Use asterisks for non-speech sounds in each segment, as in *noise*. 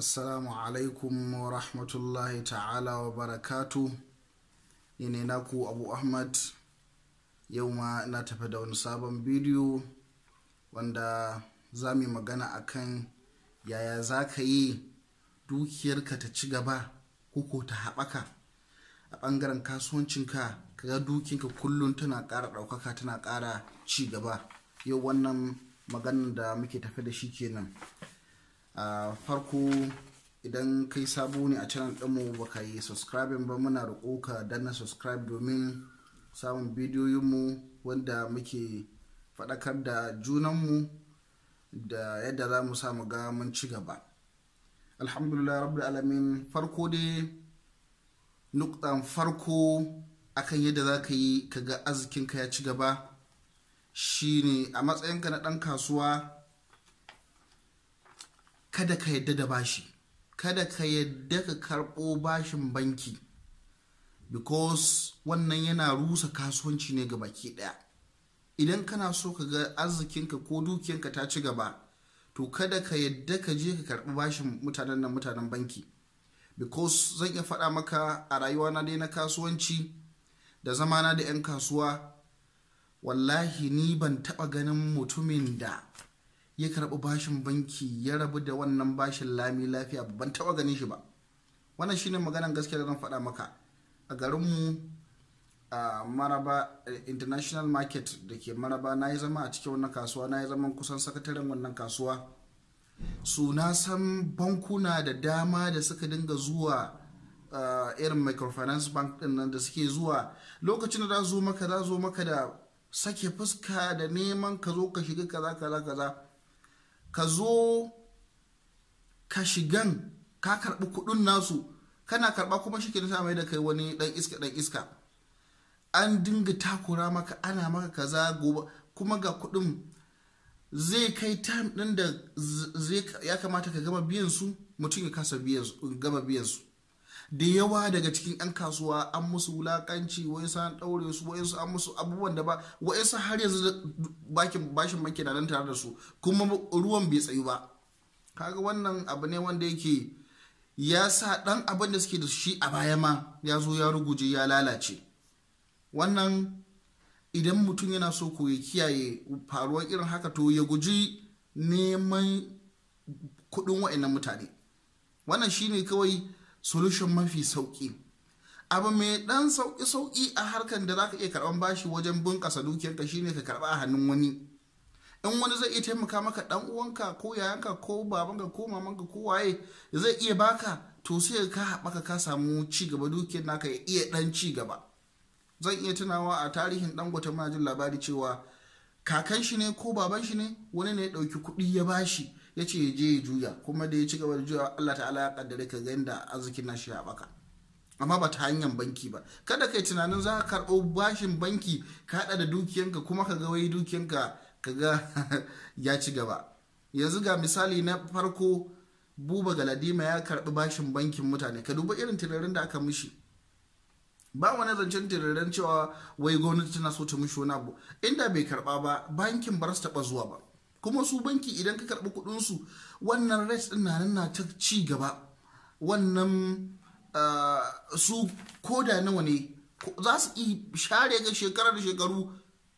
assalamu alaikum wa rahmatullahi ta'ala wa barakatu ni ne naku abu ahmad yau ma na tafi da wani sabon bidiyo wanda za mu magana akan yaya za ka yi dukiyarka ta ci gaba ko ta haɓaka a ɓangaren kasuwancinka kaga dukinka kullum tana ƙara ɗaukaka tana ƙara ci gaba yau wannan maganar da muke tafi da shi kenan a farko idan kai sabo ne a channel ɗinmu ba ka yi subscribing ba muna roƙo ka danna subscribe domin samun bidiyoyinmu wanda muke faɗakar da junanmu da yadda za mu samu ga mun ci gaba alhamdulillah rabbil alamin farko dai nukɗan farko akan yadda za ka yi ka ga ka ya ci gaba shine a matsayinka na ɗan kasuwa kada ka yadda da bashi kada ka yadda ka karɓo bashin banki because wannan yana rusa kasuwanci ne ga baki ɗaya idan kana so ka ga arzikinka ko dukiyanka ta ci gaba to kada ka yadda ka je ka karɓi bashin mutanen nan mutanen banki because zan iya faɗa maka a rayuwana dai na kasuwanci da zama na da 'yan kasuwa wallahi ni ban taɓa ganin mutumin da ya karɓi bashin banki ya rabu da wannan bashin lami lafiya ban taɓa ganin shi ba wannan shine maganan gaskiya da zan faɗa maka a garinmu a maraba eh, international market da ke maraba na yi zama a cikin wannan kasuwa na yi zaman kusan sakataren wannan kasuwa su na san bankuna da dama da suka dinga zuwa irin microfinance bank din nan da suke zuwa lokacin da za zo maka za zo maka da sake fuska da neman ka zo ka shiga kaza kaza kaza ka zo ka shigan ka karɓi kuɗin nasu kana karɓa kuma shi ke mai da kai wani ɗan iska ɗan iska an dinga takura maka ana maka kaza gobe kuma ga kuɗin zai kai time ɗin da ya kamata ka gama biyan su mutum ya kasa gama biyan su da yawa daga cikin 'yan kasuwa an musu wulakanci wayansu an ɗaure su wayansu an musu abubuwan da ba wayansu har yanzu bashin banki na nan tare da su kuma ruwan bai tsayu ba kaga wannan abu ne wanda yake ya sa ɗan abin da suke da shi a baya ma ya zo ya ruguje ya lalace wannan idan mutum yana so ko ya kiyaye faruwar irin haka to ya guji neman kuɗin wa'annan mutane wannan shine kawai solution mafi sauki abu mai dan sauki sauki a harkar da zaka iya karban bashi wajen bunkasa dukiyarka shine ka karba a hannun wani in wani zai iya taimaka maka dan uwanka ko yayanka ko babanka ko mamanka ko waye zai iya baka to sai ka haɓaka ka samu ci gaba dukiyar naka ya iya dan ci gaba zan iya tunawa a tarihin ɗangote muna jin labari cewa kakan shi ne ko baban shi ne wani ne ya ɗauki kuɗi ya bashi ya ce je ya juya kuma da ya ci gaba da juya Allah ta'ala ya kaddare ka ga inda arzikin na shi ya baka amma ba ta hanyar banki ba kada ka yi tunanin za ka karɓo bashin banki ka haɗa da dukiyanka kuma ka ga wai dukiyanka ka ga *laughs* ya ci gaba yanzu ga misali na farko buba galadima ya karɓi bashin bankin mutane ka duba irin tirarin da aka mishi ba wani zancen tirarin cewa wai gwamnati tana so ta mishi wani abu inda bai karɓa ba bankin ba su taɓa zuwa ba kuma su banki idan ka karɓi kuɗinsu wannan res ɗin na nan na ta ci gaba wannan ah, su koda nawa ne za su yi share ga shekara da shekaru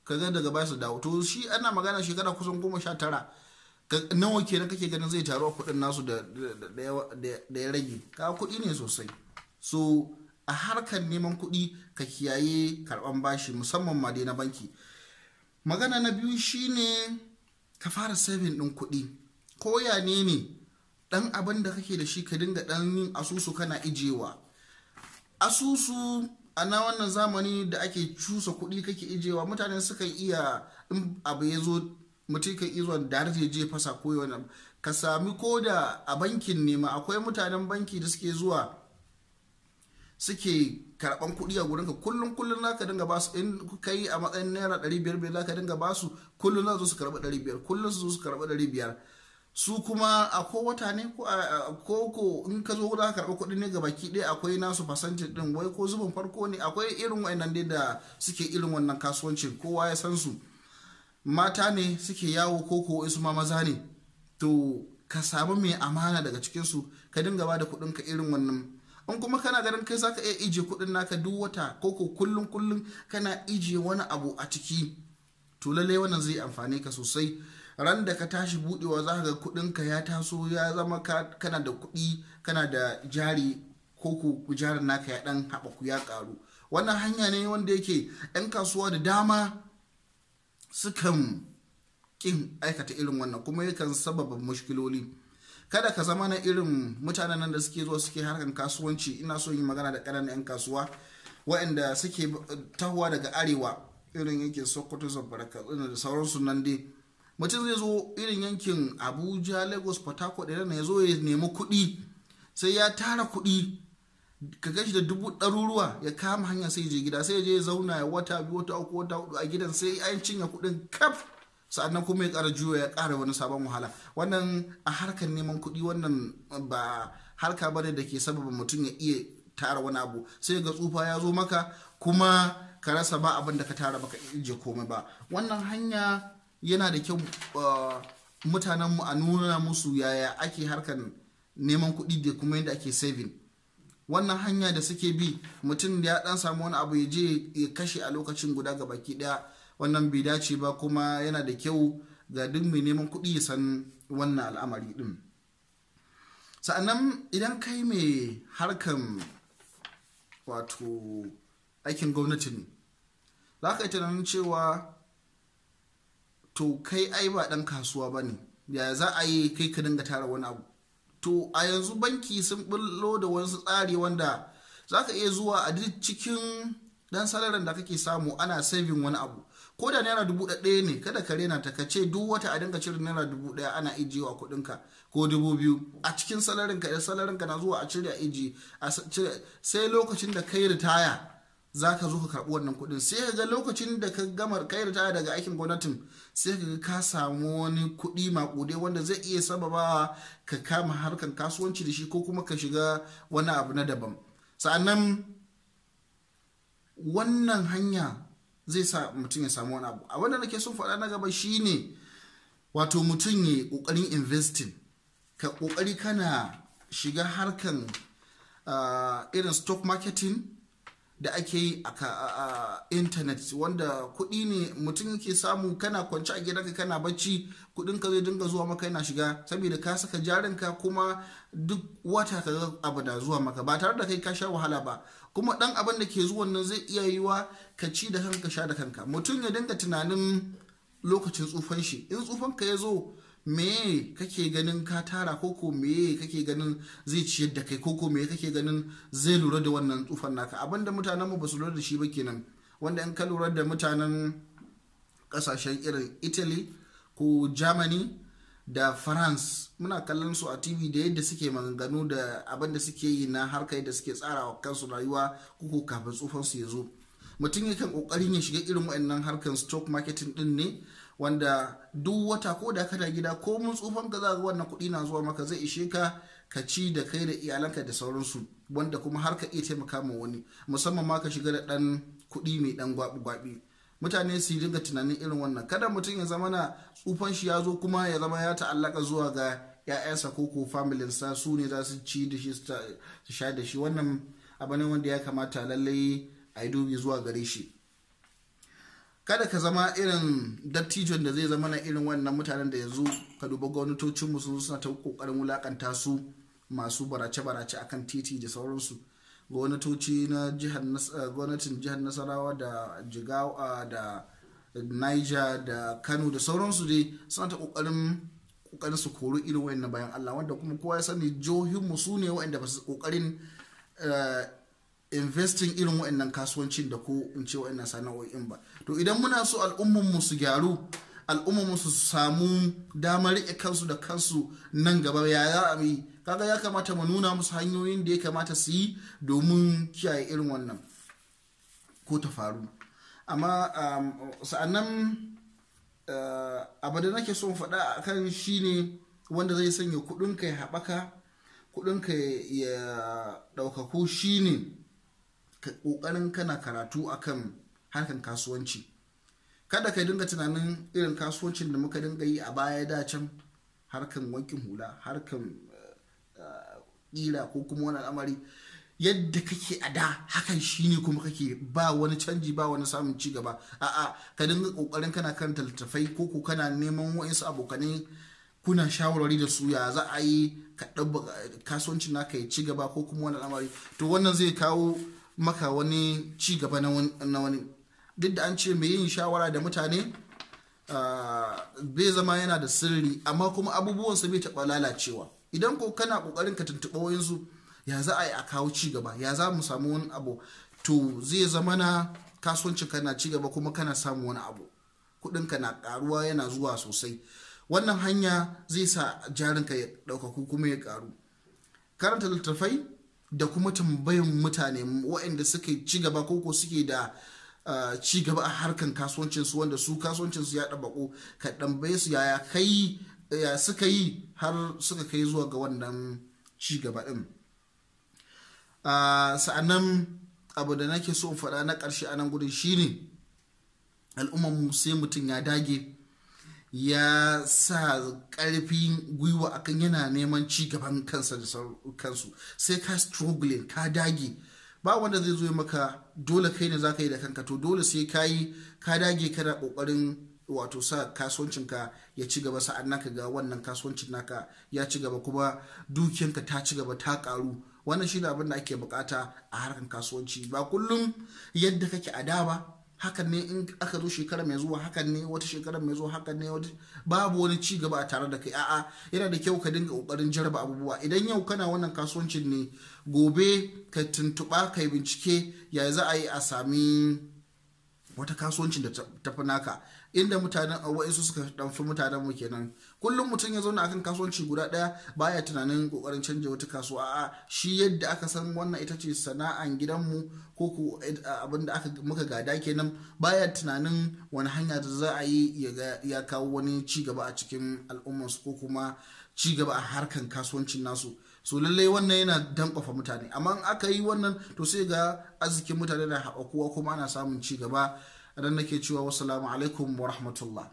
ka ga daga baya su dawo to shi ana magana shekara kusan goma sha tara nawa kenan kake ganin zai taru a kuɗin nasu da ya rage ka kuɗi ne sosai so a harkar neman kuɗi ka kiyaye karɓan bashi musamman ma dai na banki magana na biyu shine ka fara saving ɗin kuɗi ko ya ne ne ɗan abin da kake da shi ka dinga ɗan yin asusu kana ijewa asusu a na wannan zamani da ake cusa kuɗi kake ijewa mutane suka iya in abu ya zo mutum ka izo da da je fasa ko ka sami koda a bankin nema akwai mutanen banki da suke zuwa suke karban kuɗi a gurinka kullum kullum za ka dinga basu in ka yi a matsayin naira ɗari biyar biyar za ka dinga basu kullum za su karɓi ɗari biyar kullum su su karɓi ɗari biyar su kuma a ko wata ne ko ko in ka zo za ka karɓi kuɗi ne gabaki ɗaya akwai nasu fasancin ɗin wai ko zubin farko ne akwai irin wa'annan dai da suke irin wannan kasuwancin kowa ya san su mata ne suke yawo ko ko su ma maza ne to ka samu mai amana daga cikinsu ka dinga ba da kuɗinka irin wannan in kuma kana ganin kai zaka iya ije kuɗin naka duk wata ko ko kullum kullum kana ije wani abu a ciki to lalle wannan zai amfane ka sosai ran da ka tashi budewa za ka ga kuɗin ka ya taso ya zama kana da kuɗi kana da jari ko ku jarin naka ya dan haɓaku ya ƙaru wannan hanya ne wanda yake 'yan kasuwa da dama sukan kin aikata irin wannan kuma yakan sababa mushkiloli kada ka zama na irin mutanen nan da suke zuwa suke harkan kasuwanci ina so yi magana da ƙananan 'yan kasuwa waɗanda suke tahowa daga arewa irin yankin sokoto zamfara da sauransu nan dai mutum zai zo irin yankin abuja lagos port harcourt da ya zo ya nemi kuɗi sai ya tara kuɗi ka gashi da dubu ɗaruruwa ya kama hanya sai je gida sai ya je ya zauna ya wata biyu wata uku wata hudu a gidan sai an cinye kuɗin kaf sa'annan kuma ya ƙara juya ya ƙara wani sabon wahala wannan a harkar neman kuɗi wannan ba harka bane da ke sababa mutum ya iya tara wani abu sai ga tsufa ya zo maka kuma ka rasa ba abin da ka tara baka je komai ba wannan hanya yana da kyau eh, mutanenmu a nuna musu yaya ake harkar neman kuɗi da kuma yadda ake saving wannan hanya da suke bi mutum da ya dan samu wani abu ya je ya kashe a lokacin guda ga baki daya wannan bai dace ba kuma yana da kyau ga duk mai neman kuɗi san wannan al'amari ɗin sa'annan idan kai mai harkan wato aikin gwamnati ne za ka yi tunanin cewa to kai ai ba ɗan kasuwa ba ne yaya za a yi kai ka dinga tara wani abu to a yanzu banki sun bullo da wasu tsari wanda za ka iya zuwa a duk cikin dan salarin da kake samu ana saving wani abu ko da naira dubu ɗaya ne kada ka rena ta ka ce duk wata a dinga cire naira dubu ɗaya ana ijiyewa kuɗinka ko dubu biyu a cikin salarin ka salarin ka na zuwa a cire a iji sai lokacin da kai ritaya za ka zo ka karɓi wannan kuɗin sai ka ga lokacin da ka gama kai ritaya daga aikin gwamnatin sai ka ga ka samu wani kuɗi maƙudai wanda zai iya sababawa ka kama harkar kasuwanci da shi ko kuma ka shiga wani abu na daban sa'annan wannan hanya zai sa mutum ya samu wani abu abinda nake son faɗa na gaba shine wato mutum ya ƙoƙarin investing ka ƙoƙari kana shiga harkan ah, irin stock marketing da ake yi a intanet wanda kuɗi ne mutum yake samu kana kwanci a gidanka kana bacci kuɗin ka zai dinga zuwa maka yana shiga saboda ka saka jarinka kuma duk wata ka abu da zuwa maka ba tare da kai ka sha wahala ba kuma ɗan abin da ke zuwan nan zai iya yiwa ka ci da kanka sha da kanka mutum ya dinga tunanin lokacin tsufan shi in tsufan ka ya zo me kake ganin ka tara koko me kake ganin zai ciyar da kai ko me kake ganin zai lura da wannan tsufan naka abinda mutanen mu ba su lura da shi ba kenan wanda in ka lura da mutanen kasashen irin italy ko germany da france muna kallon su a tv da yadda suke maganganu da abin da suke yi na harkar da suke tsara wa kansu rayuwa ko kafin tsufan su ya zo mutum yakan kokarin ya shiga irin wa'annan harkar stock marketing din ne wanda duk wata ko da kana gida ko mun tsufan ka za ga wannan kuɗi na zuwa maka zai ishe ka ka ci da kai da iyalanka da sauransu wanda kuma har ka iya taimaka ma wani musamman ma ka shiga da ɗan kuɗi mai ɗan gwabi-gwabi mutane su dinga tunanin irin wannan kada mutum ya zama na tsufan shi ya zo kuma ya zama ya ta'allaka zuwa ga ya'yansa ko ko familinsa su ne za su ci da shi su sha da shi wannan abu ne wanda ya kamata lallai a yi dubi zuwa gare shi kada ka zama irin dattijon da zai zama na irin wannan mutanen da yanzu ka duba gwamnatocinmu musu suna ta kokarin wulakanta su masu barace-barace akan titi da sauransu gwamnatoci na eh, gwamnatin jihar nasarawa da jigawa da niger da kano da sauransu dai suna ta kokarin kokarin su kori irin wayannan bayan allah wanda kuma kowa ya sani jihohinmu su ne wayanda ba su kokarin eh, investing irin wa'annan kasuwancin da ko in ce wa'annan sana'o'in ba to idan muna so al'ummanmu su gyaru al'ummar al'ummanmu su samu damar riƙe kansu da kansu nan gaba ya za a kaga ya kamata mu nuna musu hanyoyin da ya kamata su yi domin kiyaye irin wannan ko ta faru amma um, sa'annan eh, abu da nake so faɗa a kan shi ne wanda zai sanya kuɗinka ya haɓaka kuɗinka ya ɗaukaku shi ne ƙoƙarin kana karatu akan harkar kasuwanci kada ka dinga tunanin irin kasuwancin da muka dinga yi a baya da can harkan wankin hula harkan ƙira eh, eh, ko kuma wani al'amari yadda kake a da hakan shine kuma kake ba wani canji ba wani samun ci gaba a'a ka dinga kokarin kana kan taltafai ko ko kana neman wa'insu abokanai kuna shawarwari da su ya za a yi ka eh, kasuwancin naka ya ci gaba ko kuma wani al'amari to wannan zai kawo maka wani ci gaba na wani duk da an ce mai yin shawara da mutane ah, bai zama yana da sirri amma kuma abubuwan abubuwansa bai taɓa lalacewa idan ko kana ƙoƙarin ka tuntuɓa wayansu ya za a yi a kawo ci gaba ya za mu samu wani abu to zai zama na kasuwanci kana ci gaba kuma kana samu wani abu ka na ƙaruwa yana zuwa sosai wannan hanya zai sa jarinka ya ɗaukaku kuma ya ƙaru karanta littattafai da kuma tambayin mutane waɗanda suka ci gaba ko suke da ci gaba a harkan kasuwancinsu wanda su kasuwancinsu ya ɗabaƙo ka ɗambaye su yaya kai ya suka yi har suka kai zuwa ga wannan ci gaba ɗin sa'annan abu da nake so in faɗa na ƙarshe a nan gudun shine al'ummar mu sai mutum ya dage ya sa ƙarfin gwiwa akan yana neman ci gaban kansa da kansu sai ka struggling ka dage ba wanda zai zo maka dole kai ne zaka yi da kanka to dole sai ka yi ka dage kana kokarin wato sa kasuwancinka ya ci gaba sa'annan ka ga wannan kasuwancin naka ya ci gaba kuma dukiyanka ta ci gaba ta karu wannan shi ne abin da ake bukata a harkar kasuwanci ba kullum yadda kake a da ba hakan ne in aka zo shekara mai zuwa hakan ne wata shekara mai zuwa hakan ne babu wani ci gaba a tare da kai a'a yana da kyau ka dinga kokarin jarba abubuwa idan yau kana wannan kasuwancin ne gobe ka tuntuba kai bincike ya za a yi a sami wata kasuwancin da ta fi naka inda mutanen wa'insu suka ɗanfi mutanen mu kenan kullum mutum ya zauna akan kasuwanci guda ɗaya baya tunanin kokarin canja wata kasuwa a shi yadda aka san wannan ita ce sana'an gidanmu ko ko abin da aka muka gada kenan baya tunanin wani hanya da za a yi ya kawo wani ci gaba a cikin al'ummarsu ko kuma ci gaba a harkan kasuwancin nasu so lallai wannan yana danƙwafa mutane amma aka yi wannan to sai ga arzikin mutane na haɓakuwa kuma ana samun ci gaba a nake cewa wasu alaikum wa rahmatullah